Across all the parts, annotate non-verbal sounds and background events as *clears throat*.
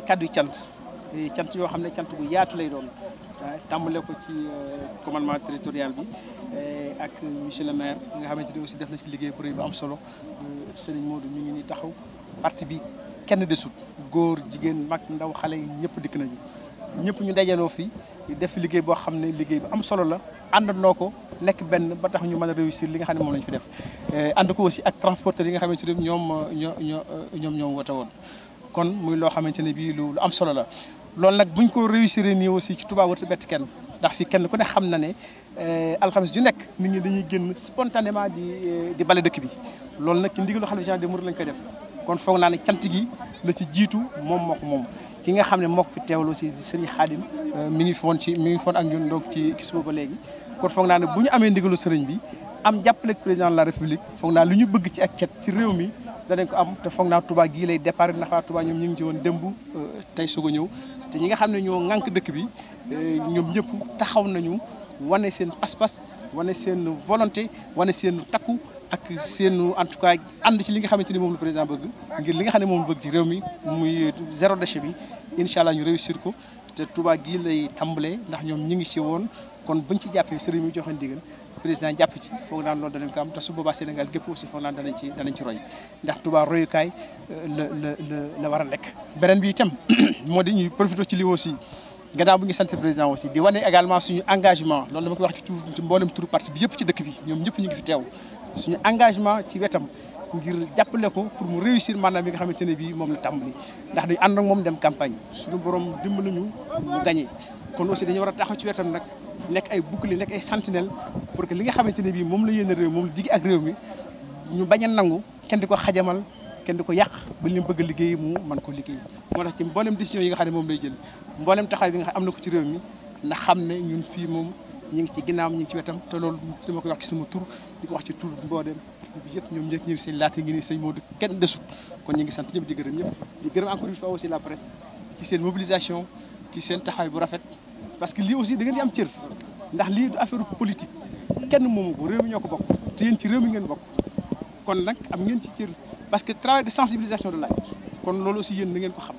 ay kàddu cant cant yoo xam ne cant bu yaatu lay doon tàmbale ko ci euh, commandement territorial bi eh, ak monsieur le maire nga xamante ne aussi def na ci liggéey bu bu am solo euh, Serigne Modou mi ngi ni taxaw parti bi kenn desut góor jigéen mag ndaw xale yi ñëpp dikk nañu ñëpp ñu dajaloo fii def liggéey boo xam ne liggéey bu am solo la àndandoo ko nekk benn ba tax ñu man a réussir li nga xam ne moom lañu fi def eh, ànd ko aussi ak transporteurs yi nga xamante ne ñoom ñoo ñoo ñoom ñoom woote woon kon muy loo xamante ne bii lu am solo la loolu nag buñ ko réussir nii aussi ci Touba warut a bett kenn ndax fi kenn ku ne xam na ne eh, alxames ju nekk nit ñi dañuy génn spontanément di eh, di bale dëkk bi loolu nag ci ndigalu xam général des mourides lañ koy def kon foog naa ne cant gi la ci jiitu moom moo moom ki nga xam ne moo ko fi teewal aussi di sëriñ Xaadim eh, mi ngi foon ci mi ngi foon ak ñun donc ci ci suba ba léegi kon foog naa ne bu ñu amee ndigalu sëriñ bi am jàppale président la république foog naa lu ñu bëgg ci ak cet ci réew mi danañ ko am te foog naa tubaa gii lay départ na waa tubaa ñoom ñu ngi ci woon démb euh, tey soog a ñëw te ñi nga xam ne ñoo ŋànk dëkk bi euh, ñoom ñëpp taxaw nañu wane seen pas-pas wane seen volonté wane seen takku ak seen en tout cas ànd ci li nga xamante ni moom la président bëgg ngir li nga xam ne moom la bëgg ci réew mi muy zéro déchet bi incha allah ñu réussir ko te Touba gii lay tàmbalee ndax ñoom ñu ngi ci woon kon buñ ci jàppee sëriñ mi joxe ndigal président jàpp ci foog naan loolu danañ ko am te su boobaa Sénégal gépp aussi foog naan danañ ci roy ndax Touba royukaay euh, la la la la war a nekk. beneen bi tam *clears throat* moo di ñuy profité ci aussi gannaaw bu ñu sant président aussi di wane également suñu engagement loolu dama ko wax ci tur ci mboolem turu parti bi yëpp ci dëkk bi ñu ngi fi wetam. ngir jàppale ko pour réussir maanaam yi nga xamante ne bii moom la tàmbali ndax dañu ànd ak moom dem campagne suñu borom dimbali ñu mu gagné kon aussi dañu war a taxaw ci wetam nag. nekk ay bouclier nekk ay sentinelle pour que li nga xamante ne bii moom la yéene réew moom la jigi ak réew mi ñu bañ a nangu kenn di ko xajamal kenn di ko yàq ba li bëgg liggéey mu mën ko liggéey moo tax ci mboolem décision yi nga xam ne moom lay jël mboolem taxaw bi nga xam am na ko ci réew mi na xam ne ñun fii moom ñu ngi ci ginnaawam ñu ngi ci wetam te loolu dama koy wax ci sama tur di ko wax ci tur mboolem yëpp ñoom ñëpp ñu ngi seen laata ngi ni sëñ Modou kenn desut kon ñu ngi sant ñëpp di gërëm ñëpp di gërëm encore une fois aussi la presse ci seen mobilisation ci seen taxawaay bu rafet parce que lii aussi da ngeen am cër ndax lii du affaire politique kenn moomu ko réew mi ñoo ko bokk te yéen ci réew mi ngeen bokk kon nag am ngeen ci cër parce que travail de sensibilisation de laaj kon loolu aussi yéen na ngeen ko xam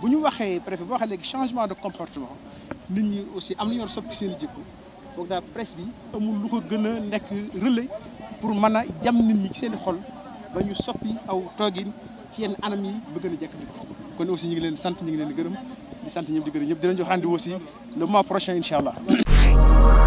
bu ñu waxee préfet boo waxee léegi changement de comportement nit ñi aussi am na ñoo soppi seen jikko foog daal presse bi amul lu ko gën a nekk relais pour mën a jam nit ñi ci seen i xol ba ñu soppi aw toogin ci yenn anam yi ba gën a jëkkandiku kon aussi ñu ngi leen sant ñu ngi leen di gërëm sant ñëpp di gërëm ñëpp di leen jox rendez-vous aussi le mois prochain incha Thank you.